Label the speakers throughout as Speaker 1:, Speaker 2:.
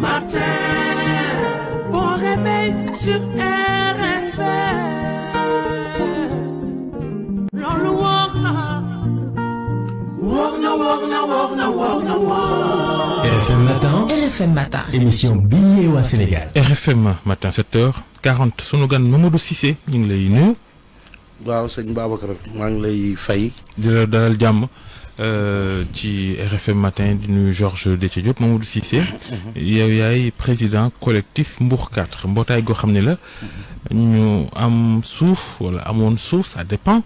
Speaker 1: matin. Bon réveil sur RFM. Loolu woor Warna, Warna, na Warna, Warna. woor na RFM matin. RFM matin. émission billet au Sénégal. RFM matin 7h40 sunu gan Mamadou Cissé ñu ngi lay nuyu.
Speaker 2: waaw sëñ Babacar maa ngi lay fay.
Speaker 1: di la dalal jàmm. Euh, ci RFM matin di Georges Déthié Diop Mamadou Cissé. yow yaay président collectif Mbour 4 mbootaay goo xam ne la. ñu am suuf wala amoon suuf ça dépend.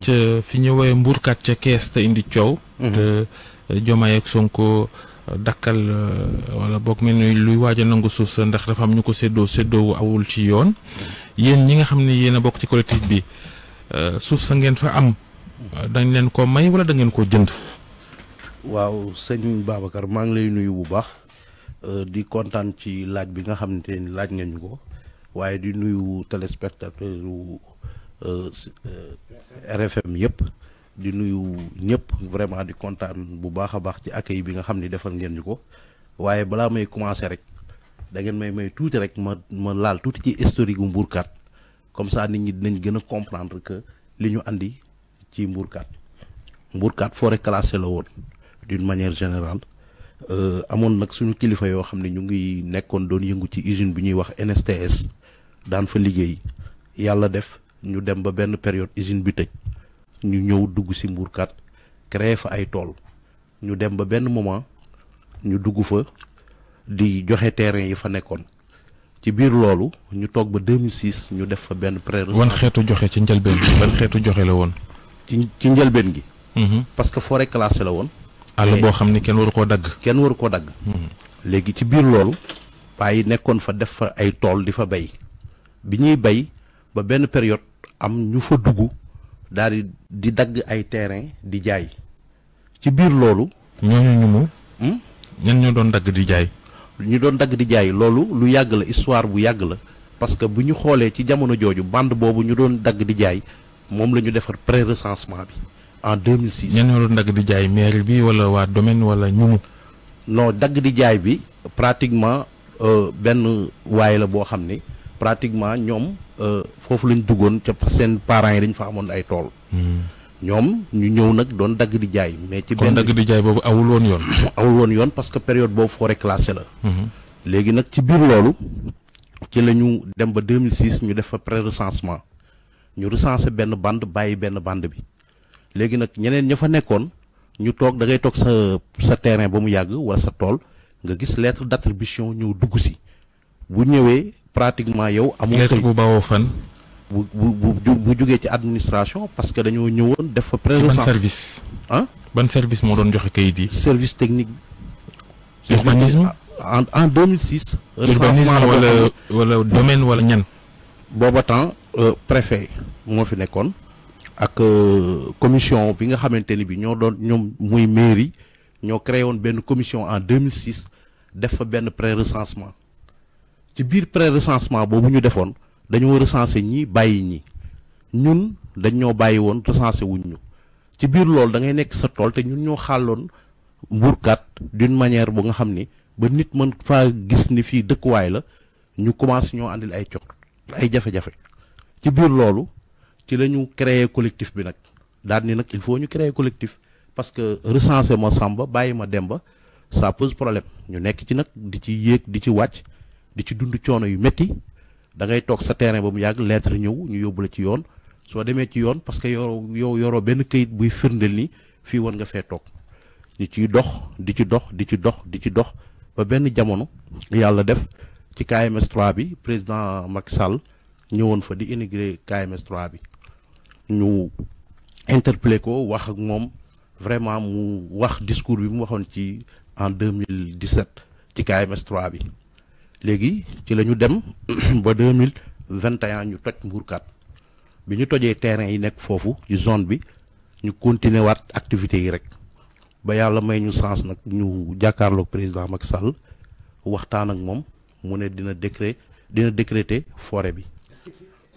Speaker 1: ca fi ñu woowee Mbour 4 ca kees te indi coow. te Diomaye ak Sonko dakkal euh, wala boog mel ni luy waaj a nangu suuf sa ndax dafa am ñu ko séddoo séddoo awul ci yoon. yéen ñi nga xam ne yéen a ci collectif bi euh, suuf sa ngeen fa am. dañ leen ko may wala da ngeen ko jënd.
Speaker 2: waaw sëñ Babacar maa ngi lay nuyu bu baax euh, di kontaan ci laaj bi nga xamante ni laaj nga ñu ko waaye di nuyu téléspectateur yu euh, euh, RFM yëpp di nuyu ñëpp vraiment di kontaan bu baax a baax ci yi bi nga xam ni defal ngeen ñu ko waaye balaa may commencer rek da ngeen may may tuuti rek ma ma laal tuuti ci historique gu Mbourkat comme ça nit ñi dinañ gën a comprendre que li ñu indi ci mbourkat fo rek classé la won d'une manière générale euh amone nak suñu kilifa yo xamni ñu ngi nekkon doon yëngu ci usine bi ñuy wax NSTS daan fa liggéey yalla def ñu dem ba benn période usine bi tej ñu ñëw dugg si mbuurkat créé fa ay tool ñu dem ba benn moment ñu dugg fa di joxe terrain yi fa nekkon ci biir loolu ñu toog ba 2006 ñu def fa benn pré wan xeetu
Speaker 1: joxe ci njëlbeen ban xeetu joxe la woon
Speaker 2: ci ci njëlbeen gi. Mhm. parce que forêt classée la woon. àll boo xam ni kenn waru koo dagg. kenn waru koo dagg. Mhm. léegi ci biir loolu. paa nekkoon fa def fa ay tool di fa bay bi ñuy bay ba benn période am ñu fa dugg daal di di dagg ay terrain di jaay ci biir loolu.
Speaker 1: ñooñu ñu mu.
Speaker 2: Hmm? ñan ñoo doon dagg di jaay. ñu doon dagg di jaay loolu lu yàgg la histoire bu yàgg la parce que bu ñu xoolee ci jamono jooju bande boobu ñu doon dagg di jaay. moom la ñu defar pré recensement bi en 2006.
Speaker 1: ñenn ñoo dagg di jaay mairie bi wala waa domaine wala ñu.
Speaker 2: non dagg di jaay bi pratiquement euh, benn waay la boo xam ni pratiquement ñoom euh, foofu lañu duggoon ca seen parents yi dañ fa amoon ay tool. Hmm. ñoom ñu ñëw nag doon dagg di jaay. mais ci benn dagg di jaay boobu awul woon yoon. awul woon yoon parce que période boobu forêt classée la. Hmm. léegi nag ci biir loolu ci la ñu dem ba 2006 ñu def fa pré recensement. ñu recensé benn bande bàyyi benn bande bi léegi nag ñeneen ñoo fa nekkoon ñu toog da ngay toog sa sa terrain ba mu yàgg wala sa tool nga gis lettre d'attribution ñëw dugg si bu ñëwee pratiquement yow. amul lettre bu bawoo fan. bu bu bu bu jógee ci administration parce que dañoo ñëwoon def fa. présence ban service.
Speaker 1: ah ban moo doon joxe kayit yi. service technique.
Speaker 2: urbanisme en en 2006. urbanisme wala wala domaine wala ñan. Euh, préfet mo fi nekkoon ak euh, commission bi nga xamanteni bi ño doon ñom muy mairie ño créé won ben commission en 2006 def fa ben pré recensement ci biir pré recensement bobu ñu defoon dañoo recenser ñi bayyi ñi ñun dañ ñoo bayyi won recenser wuñ ñu ci biir lool da ngay nekk sa tol te ñun ñoo xàlloon mburkat d'une manière bu nga xamni ba nit man fa gis ni dekk way la ñu commencé ño andil ay ciok ay jafé jafé ci biir loolu ci lañu ñu créer collectif bi nag daal nag il faut ñu créer collectif parce que recenser ma Samba bàyyi ma Demba ça pose problème ñu nekk ci nag di ci yéeg di ci wàcc di ci dund coono yu métti da ngay toog sa terrain ba mu yàgg lettre ñëw ñu yóbbu la ci yoon soo demee ci yoon parce que yow yow yoroo benn kayit buy firndeel ni fii war nga fee toog ñu ciy dox di ci dox di ci dox di ci dox ba benn jamono yàlla def ci KMS 3 bi président Macky Sall ñëwoon fa di intégrer KMS 3 bi ñu interpellé ko wax ak moom vraiment mu wax discours bi mu waxoon ci en 2017 ci KMS 3 bi léegi ci la ñu dem ba 2021 ñu toj mbuurkat bi ñu tojee terrain yi nekk foofu ci zone bi ñu continuer waat activités yi rek ba yàlla may ñu sens nag ñu jàkkaarloog président Macky Sall waxtaan ak moom mu ne dina décret dina décréter forêt bi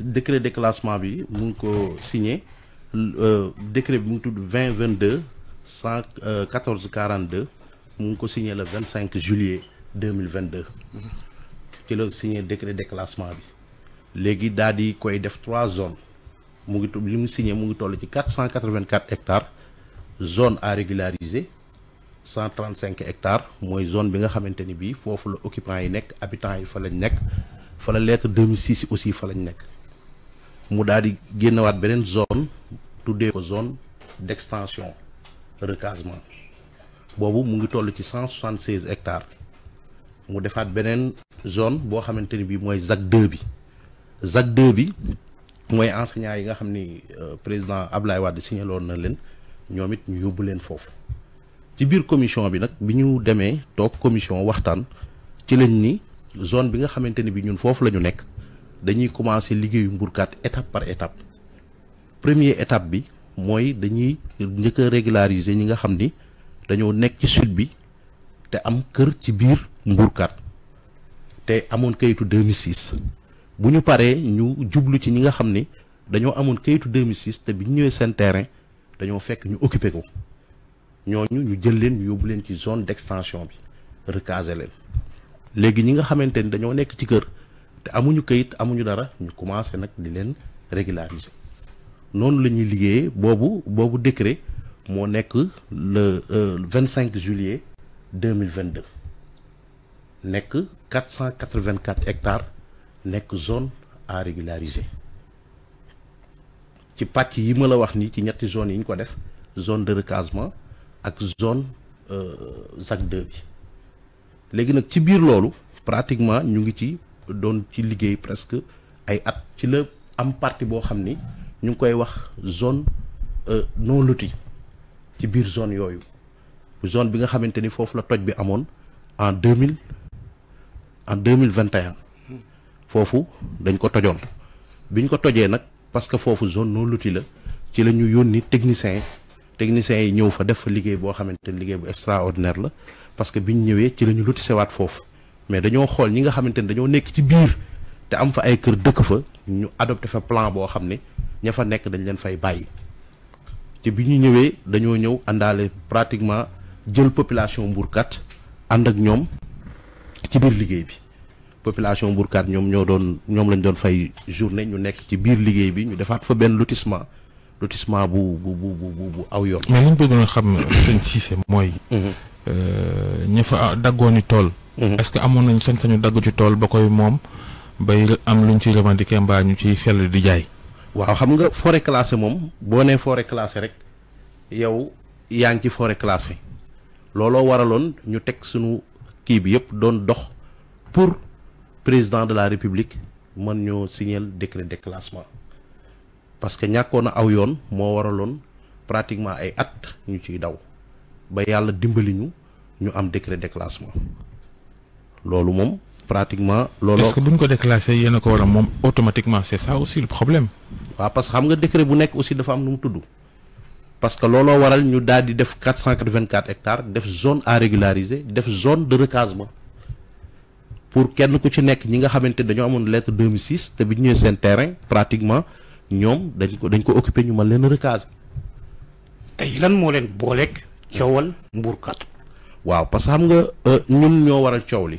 Speaker 2: décret déclassement bi mu ngi ko signé euh, décret bi mu ngi tudd 20 22 114 42 mu ngi ko signé le 25 juillet 2022 ci la signé décret déclassement bi léegi daal di koy def trois zones mu ngi tudd li mu signé mu ngi toll ci 484 hectares zone à régulariser 135 hectares mooy zone bi nga xamante ni bii foofu la occupants yi nekk habitants yi fa lañ nekk fa la lettre 2006 aussi fa lañ nekk mu daal di génnewaat beneen zone tuddee ko zone d'extension recasement boobu mu ngi toll ci 176 hectares mu defaat beneen zone boo xamante ni bii mooy ZAC 2 bi ZAC 2 bi mooy enseignant yi nga xam ni euh, président Ablaye Wade signé loon na leen ñoom it ñu yóbbu leen foofu ci biir commission bi nag bi ñu demee toog commission waxtaan ci lañ ni zone bi nga xamante ni bi ñun foofu la ñu nekk dañuy commencer liggéeyu mburkaat étape par étape premier étape bi mooy dañuy njëkk a ñi nga xam ni dañoo nekk ci sud bi te am kër ci biir mburkaat te amoon kayitu 2006 bu ñu paree ñu jublu ci ñi nga xam ni dañoo amoon kayitu 2006 te bi ñu ñëwee seen terrain dañoo fekk ñu occupé ko ñooñu ñu jël leen ñu yóbbu leen ci zone d'extension bi recaser leen léegi ñi nga xamante ni dañoo nekk ci kër te amuñu kayit amuñu dara ñu commencé nag di leen régulariser noonu la ñuy liggéeyee boobu boobu décret moo nekk le euh, cinq juillet deux mille vingt deux nekk quatre cent quatre vingt quatre hectares nekk zone à régulariser ci pàcc yi ma la wax nii ci ñetti zones yi ñu ko def zone de recasement ak zone euh, ZAC 2 bi léegi nag ci biir loolu pratiquement ñu ngi ci. doon ci liggéey presque ay at ci la am parti boo xam ni ñu ngi koy wax zone euh, non loti ci biir zone yooyu zone bi nga xamante ni foofu la toj bi amoon en deux mille en deux mille vingt et foofu dañ ko tojoon biñ ko tojee nag parce que foofu zone non loti la ci la ñu yónni technicien techniciens yi ñëw fa def fa liggéey boo xamante ni liggéey bu extraordinaire la parce biñ ñëwee ci la ñu lotisewaat foofu mais dañoo xool ñi nga xamante ni dañoo nekk ci biir te am fa ay kër dëkk fa ñu adopté fa plan boo xam ne ña fa nekk dañ leen fay bàyyi te bi ñu ñëwee dañoo ñëw àndaale pratiquement jël population mbuurkat ànd ak ñoom ci biir liggéey bi population mbuurkat ñoom ñoo doon ñoom lañ doon fay journée ñu nekk ci biir liggéey bi ñu defaat fa benn lotissement lotissement bu bu bu bu aw yoon.
Speaker 1: mais li ñu bëggoon xam sëñ Cissé mooy. Mhm. Euh, ña fa daggooni tool. Mhm. est ce que amon nañ sañ sañu dagg ci tol bakoy mom
Speaker 2: bay am luñ ci revendiquer mba ñu ci fell di jaay waaw xam nga forêt classée mom bo né forêt classée rek yow yaang ci forêt classée lolo waralon ñu tek sunu ki bi yëpp doon dox pour président de la république mën ñu signer décret de classement parce que ñàkkoon aw yoon mo waralon pratiquement ay at ñu ci daw ba yalla dimbali ñu ñu am décret de classement loolu mom pratiquement loolu est-ce que buñ ko
Speaker 1: déclassé yéna ko war mom automatiquement c'est ça aussi le problème
Speaker 2: wa parce que xam nga décret bu nek aussi dafa am num tuddu parce que looloo waral ñu daal di def 484 hectares def zone à régulariser def zone de recasement pour kenn ku ci nek ñi nga xamanté dañu amone lettre 2006 té bi ñu sen terrain pratiquement ñom dañ ko dañ ko occuper ñu ma leen recaser tay lan mo leen bolek ciowal mbuur kat waaw parce que xam nga euh, ñun ñoo waral ciowli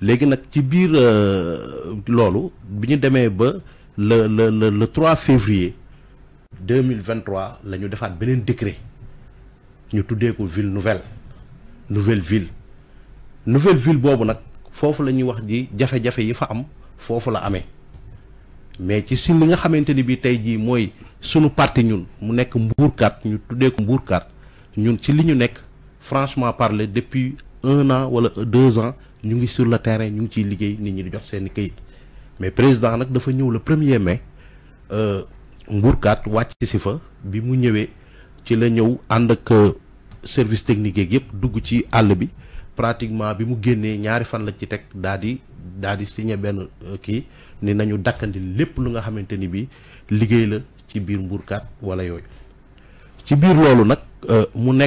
Speaker 2: légui nak ci biir euh, lolu biñu démé ba le le le le 3 février 2023 lañu ñu defaat décret ñu tuddé ko ville nouvelle nouvelle ville nouvelle ville bobu nak fofu lañu wax di jafé jafé yi fa am fofu la amé mais ci suñ li nga xamante bi tay ji moy mooy sunu parti ñun mu nekk mbuurkat ñu tuddé ko mbuurkat ñun ci liñu ñu nekk franchement parler depuis un an wala deux ans. ñu ngi sur le terrain ñu ngi ciy liggéey nit ñi di jox seen i kayit mais président nag dafa ñëw le premier mai euh, mbuurkaat wàcc si fa bi mu ñëwee ci la ñëw ànd ak euh, service technique yeeg yëpp dugg ci àll bi pratiquement bi mu génnee ñaari fan la ci teg daal di daal di signé benn euh, kii ni nañu dakkandi lépp lu nga xamante ni bi liggéey la ci biir mbuurkaat wala yooyu ci biir nak euh, mu ni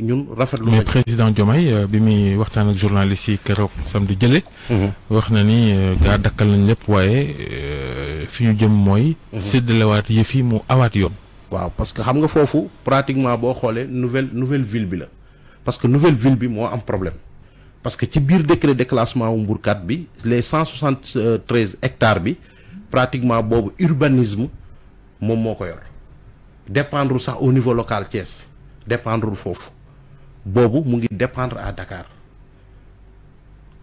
Speaker 2: ñun rafetlu. mais
Speaker 1: président de euh, bi mi et ak journaliste yi keroog samedi jële mhm. wax na ni euh, gaa dakkal nañ lépp waaye fi ñu jëm mooy. Mhm. séddalewaat yëf yi mu awat yoon.
Speaker 2: waaw parce que xam nga fofu pratiquement rôle xolé nouvelle nouvelle ville bi la parce que nouvelle ville bi mo am problème parce que ci biir décret déclassement wu Mbourkat bi les 173 hectares bi pratiquement bobu urbanisme mon moko cœur. dépendre sax au niveau local Thiès dépendre foofu boobu mu ngi dépendre à Dakar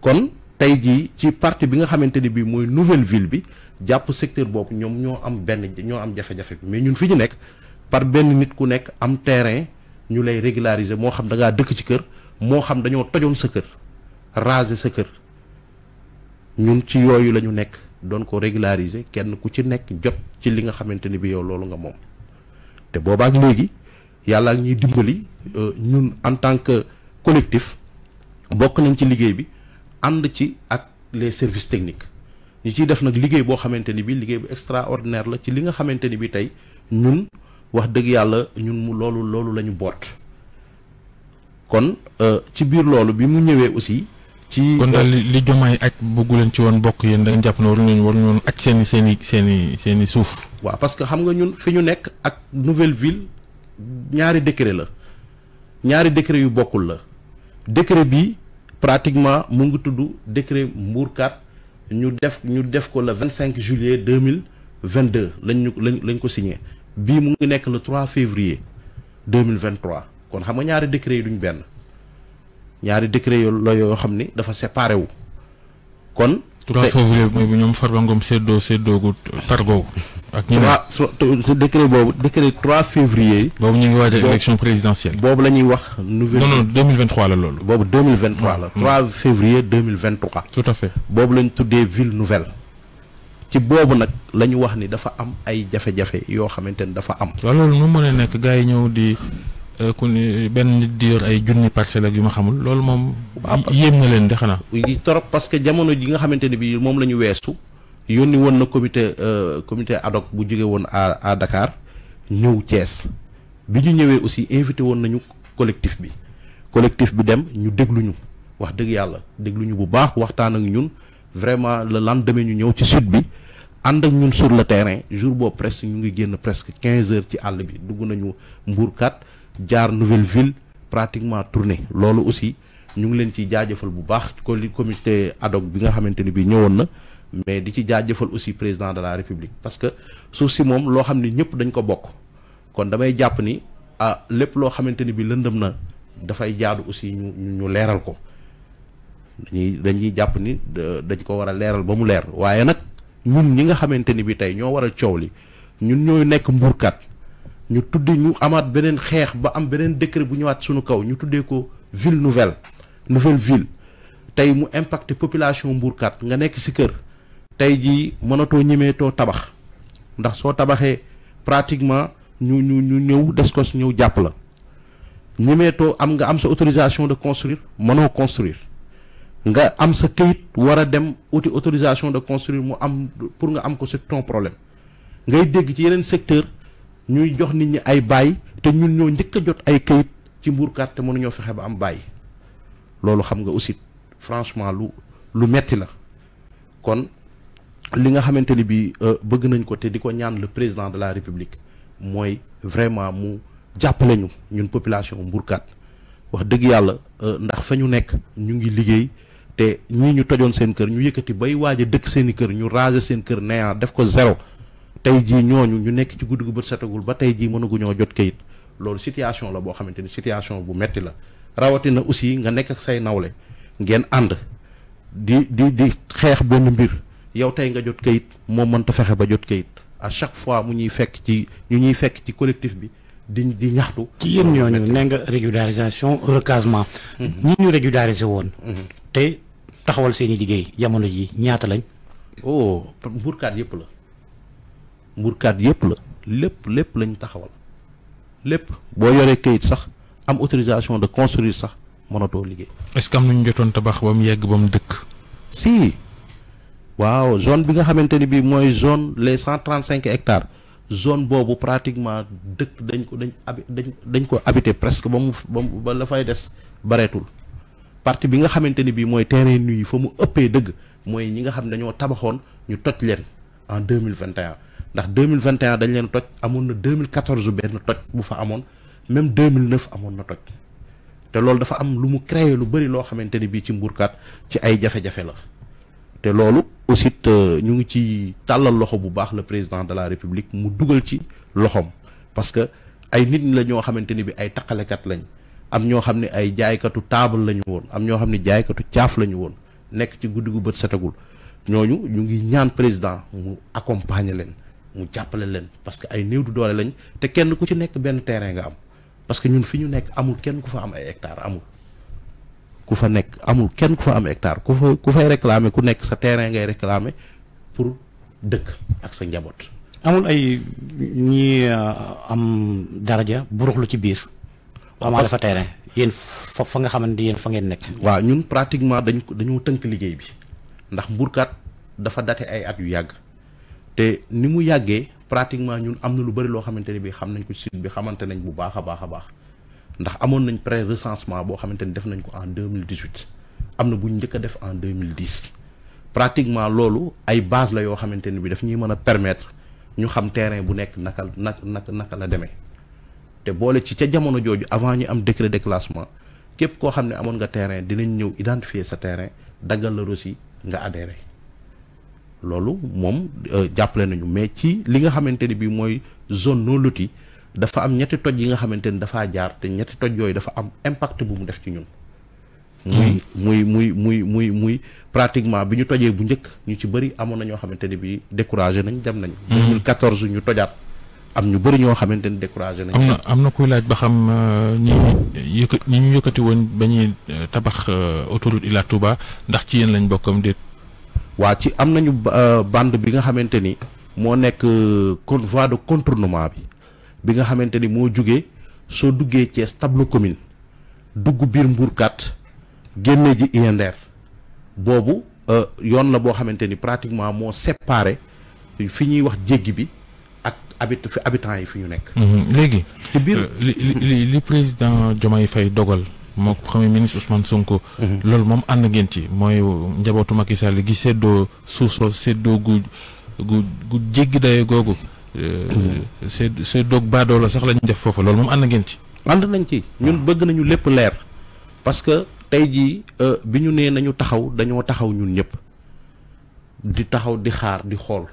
Speaker 2: kon tey jii ci parti bi nga xamante ni bii mooy nouvelle ville bi jàpp secteur boobu ñoom ñoo am benn ñoo am jafe-jafe bi mais ñun fi ñu nekk par benn nit ku nekk am terrain ñu lay régulariser moo xam dangaa dëkk ci kër moo xam dañoo tojoon sa kër raser sa kër ñun ci yooyu la ñu nekk doon ko régulariser kenn ku ci nekk jot ci li nga xamante ni bi yow loolu nga moom te boobaak léegi yàlla ak ñuy dimbali euh, ñun en tant que collectif bokk nañ ci liggéey bi ànd ci ak les services techniques ñu ciy def nag liggéey boo xamante ni bi liggéey bu extraordinaire la ci li nga xamante ni bi tey ñun wax dëgg yàlla ñun mu loolu loolu lañu ñu boot kon euh, ci biir loolu bi mu ñëwee aussi ci kon daal
Speaker 1: euh, li jomaay ak bëggu ci woon bokk yéen da nga jàpp ne waru ñu waru ñu ak seen i seen i seen seen i suuf.
Speaker 2: waaw parce que xam nga ñun fi ñu nekk ak nouvelle ville ñaari décret la ñaari décret yu bokkul la décret bi pratiquement mu ngi tudd décret mbuurkat ñu def ñu def ko la vingt cinq juillet deux mille vingt deux lañ ñu lañ lañ ko signé bii mu ngi nekk le trois février deux mille vingt kon xam nga ñaari décret yi duñ benn. ñaari décret yo des décrets de dafa séparé wu kon. 3 février
Speaker 1: nous bu Farba Ngom dossier targo ak
Speaker 2: décret décret 3 février. Il ngi élection présidentielle. bobu lañuy wax nouvelle. non non 2023 la 2023 la. 3 mm. février 2023. tout à fait bobu lañ tuddé villes ville nouvelle. ci bobu nak wax ni dafa am ay
Speaker 1: am. a Euh, ku ni benn nit di yor ay junni parcelle ak yu ma xamul loolu moom. Ah, yéem na leen de xanaa.
Speaker 2: yi trop parce que jamono ji nga xamante ne bii moom la ñu weesu. yónni woon na comité euh, comité ad hoc bu jóge woon à à Dakar ñëw cees bi ñu ñëwee aussi invité woon nañu collectif bi collectif bi dem ñu déglu ñu wax dëgg yàlla dégluñu bu baax waxtaan ak ñun vraiment le lendemain ñu ñëw ci sud bi ànd ak ñun sur le terrain jour boobu presque ñu ngi génn presque quinze heures ci àll bi dugg nañu Mbourkat. jaar nouvelle ville pratiquement tournée loolu aussi ñu ngi leen ci jaajëfal bu baax ko li comité ad bi nga xamante ni bii ñëwoon na mais di ci jaajëfal aussi président de la république parce que suuf si moom loo xam ne ñëpp dañ ko bokk kon damay jàpp ni ah lépp loo xamante ni bii lëndëm na dafay jaadu aussi ñu ñu leeral ko dañuy dañuy jàpp ni dañ ko war a leeral ba mu leer waaye nag ñun ñi nga xamante ni bii tey ñoo war a coow li ñun ñooy nekk mbuurkat ñu tuddi ñu amaat benen xex ba am beren décret bu ñëwaat suñu kaw ñu tuddé ko ville nouvelle nouvelle ville tay mu impacté population mbuurkat nga nekk ci kër tey jii ñëmé to tabax ndax so tabaxé pratiquement ñu ñu ñu ñëw descos ñëw japp la to am nga am sa autorisation de construire mëno construire nga am sa keuyit wara dem outi autorisation de construire mu am pour nga am ko c'est ton problème ngay dégg ci yeneen secteur ñuy jox nit ñi ay bay te ñun ñoo ñëk jot ay kayit ci mbur carte mënu ñoo fexé ba am bay lolu xam nga aussi franchement lu lu metti la kon li nga xamanteni bi euh, bëgg nañ ko té diko ñaan le président de la république moy vraiment mu jappalé ñu ñun population mbur carte wax deug yalla euh, ndax fañu nek ñu ngi liggéey té ñi ñu tojon seen kër ñu yëkëti bay waja dëkk seen kër ñu raser seen kër néant def ko zéro tey jii ñooñu ñu nekk ci guddi gu bët setagul ba tey jii mënaguñoo jot kayit loolu situation la boo xamante ni situation bu metti la rawatina aussi nga nekk ak say nawle ngeen ànd di di di xeex benn mbir yow tey nga jot kayit moo mënta fexe ba jot kayit à chaque fois mu ñuy fekk ci ñu ñuy fekk ci collectif bi di di ñaxtu. ci yéen ñooñu nee nga régularisation recasement. Mm-hmm. ñi ñu régulariser woon. Mm-hmm. te taxawal seen i liggéey jamono ji ñaata lañ. oh mbuurkaat yëpp la. mburkaat yépp la lépp lépp lañ taxawal lépp bo yoré keuyit sax am autorisation de construire sax monoto liggéey. est-ce que am nañ jotoon tabax bam yegg bam dëkk. si waaw zone bi nga xamanteni bi moy zone les 135 hectares zone bobu pratiquement dëkk dañ ko dañ abi dañ ko habiter presque bam bam ba la fay dess barétul parti bi nga xamanteni bi moy terrain nuit fa mu uppé deug moy ñi nga xam ne dañoo ñu toj len en 2021 ndax 2021 dañ leen toj amoon na 2014 benn toj bu fa amoon même 2009 amoon na toj te loolu dafa am lu mu créer lu bëri loo xamante ni bii ci mbuurkat ci ay jafe-jafe la te loolu aussi ñu ngi ci tàllal loxo bu baax la président de la république mu dugal ci loxoom parce que ay nit la ñoo xamante ni bi ay taqalekat lañ am ñoo xam ne ay jaaykatu taabal la ñu woon am ñoo xam ne jaaykatu caaf la ñu woon nekk ci guddi gu bët setagul ñooñu ñu ngi ñaan président mu accompagner leen mu jàppale leen parce que ay néew du doole lañ te kenn ku ci nek benn terrain nga am parce que ñun fi ñu amul kenn ku fa am ay hectare amul ku fa nek amul kenn ku fa am hectare ku fa ku fay réclamer ku nek sa terrain ngay réclamer pour dëkk ak sa njabot amul ay ñi euh, am daraja buruxlu ci biir.
Speaker 1: ala fa terrain
Speaker 2: yeen fa nga xamanteni yeen fa ngeen nek wa ñun pratiquement dañ dañu tënk bi ndax mburkat dafa daté ay at yu yagg te ni mu yàggee pratiquement ñun am na lu bëri loo xamante ni bi xam nañ ko ci sud bi xamante nañ bu baax a baax a baax ndax amoon nañ pré recensement boo xamante ni def nañ ko en 2018 am na bu ñu a def en 2010 pratiquement loolu ay base la yoo xamante ni bi daf ñuy mën a permettre ñu xam terrain bu nekk naka naka naka la demee te boole ci ca jamono jooju avant ñu am décret de képp koo xam ne amoon nga terrain dinañ ñëw identifier sa terrain daggal la rosi nga adhéré loolu moom euh, jàppale nañu mais ci li nga xamante ni bii mooy zone non lotie dafa am ñetti toj yi nga xamante ni dafaa jaar te ñetti toj yooyu dafa am impact bu mu def ci ñun. Hmm. muy muy muy muy muy pratiquement bi ñu tojee bu njëkk ñu ci bëri amoon na ñoo xamante ni bii découragé nañ dem nañ. 2014 hmm. ñu tojaat am ñu bëri ñoo xamante ni découragé nañ. am na
Speaker 1: am kuy laaj ba xam euh, ñi ñi ñu yëkkati woon ba ñuy euh, tabax
Speaker 2: autoroute Ila Touba ndax ci yéen lañ bokkam déet. waa ci am nañu euh, bande bi nga xamante ni moo nekk kon euh, voie de contournement bi bi nga xamante ni moo jugee soo duggee ci tableau commune dugg biir Mbourkat génne ji INDR boobu euh, yoon la boo xamante ni pratiquement moo séparé fi ñuy wax jéggi bi ak habit fi yi fi ñu nekk. Mm-hmm. léegi. ci biir
Speaker 1: li li président Diomaye Faye dogal. mook premier ministre Ousmane Sonko. Mhm. loolu moom ànd ngeen ci mooy njabootu Macky Sall gi séddoo suusoo séddoo gu gu gu jéggi daye googu. Mhm. Euh, sédd séddoog baadoo la sax lañ def foofa
Speaker 2: loolu moom ànd ngeen ci. ànd nañ ci ñun ah. bëgg nañu lépp leer parce que tey jii euh, bi ñu nee nañu taxaw dañoo taxaw ñun ñëpp di taxaw di xaar di xool.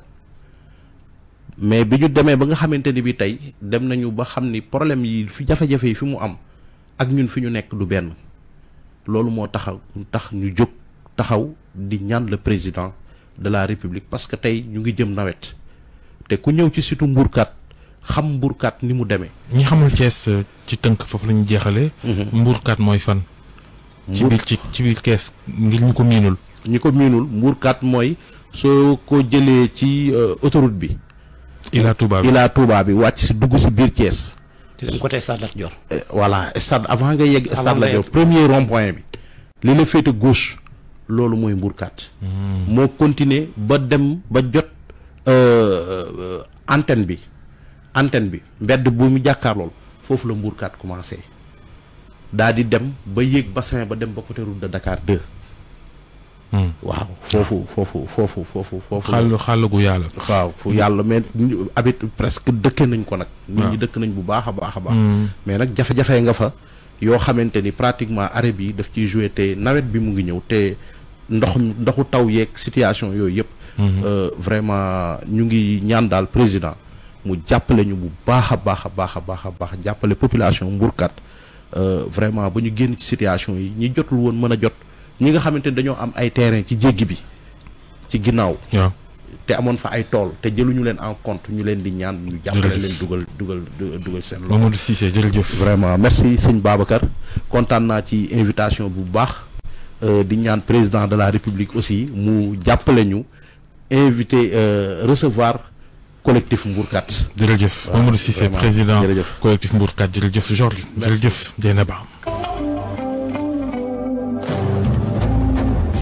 Speaker 2: mais bi ñu demee ba nga xamante ni bi tey dem nañu ba xam ni problème yi fi jafe-jafe yi fi mu am ak ñun fi ñu nekk du benn loolu moo taxaw tax ñu jóg taxaw di ñaan le président de la république parce que tey ñu ngi jëm nawet te ku ñëw ci surtout mbuurkat xam mbuurkat ni mu demee. ñi xamul
Speaker 1: Cees euh, ci tënk foofu la ñu jeexalee. Mhm. mooy fan. ci biir ci ci biir kees ngir ñu ko miinul.
Speaker 2: ñi ko miinul mbuurkat mooy soo ko jëlee ci euh, autoroute bi. Ila Touba bi Ila Touba bi wàcc si dugg si biir Thiès. côté stade eh, voilà avant que yegg. stade premier rond point bi. gauche hmm. continuer dem euh, euh, antenne bi antenne la commencé Je dem ba bassin ba dem côté de Dakar 2. waaw foofu foofu foofu foofu xal xàll xàll gu yàlla. waaw fu yàlla mais abit presque dëkke nañ ko nag. nit ñi dëkk nañ bu baax a baax a baax. Mm. mais nag jafe-jafe nga fa yoo xamante ni pratiquement arrêt bi daf ci joué te nawet bi mu ngi ñëw te ndox ndoxu taw yeeg situation yooyu yëpp. Mm-hmm. Euh, vraiment ñu ngi ñaan daal président mu jàppale ñu bu baax a baax a baax a baax a baax jàppale population mburkat euh, vraiment ba ñu génn ci situation yi ñi jotul woon mën a jot. ñi nga xamante ni dañoo am ay terrain ci jéggi bi ci ginnaaw. te amoon fa ay tool te jëluñu leen en compte ñu leen di ñaan. ñu jàppale leen dugal dugal dugal seen. loxo Mamadou Cissé jërëjëf. vraiment merci sëñ Babacar kontaan naa ci invitation bu baax euh, di ñaan président de la république aussi mu jàppale ñu invité euh, recevoir. collectif Mbourkat. jërëjëf Mamadou Cissé président collectif
Speaker 1: Mbourkat jërëjëf jëf jërëjëf Dieynaba